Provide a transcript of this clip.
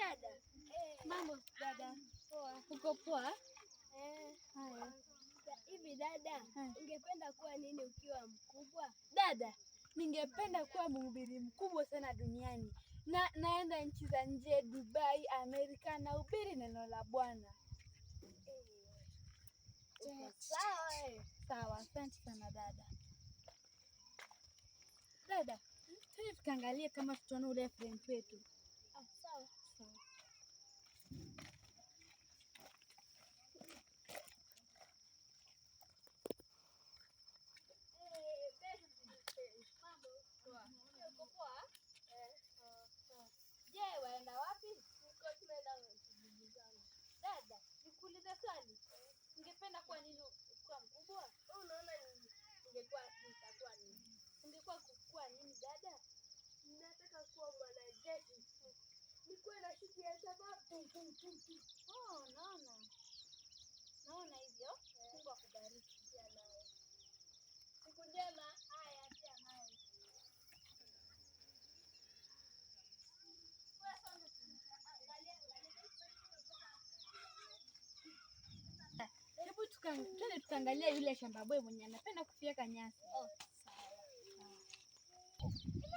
Dada, eh. mambo dada? Poa. Uko poa? Eh. Haya. Hivi dada, ungependa kuwa nini ukiwa mkubwa? Dada, ningependa kuwa mhubiri mkubwa sana duniani na naenda nchi za nje, Dubai, Amerika, na hubiri neno la Bwana. Eh. Eh, sawa, Asante sana dada. Dada, tukaangalie kama tutaona ule friend wetu. ningekuwa mkubwa, wewe oh, unaona ningekuwa nitakuwa nini? Ningekuwa kuwa nini? Dada, nataka kuwa mwanajeshi, nikuwe na shughuli ya sababu oh, twende tukaangalia yule shamba boy mwenye anapenda kufyeka nyasi. Oh, sawa.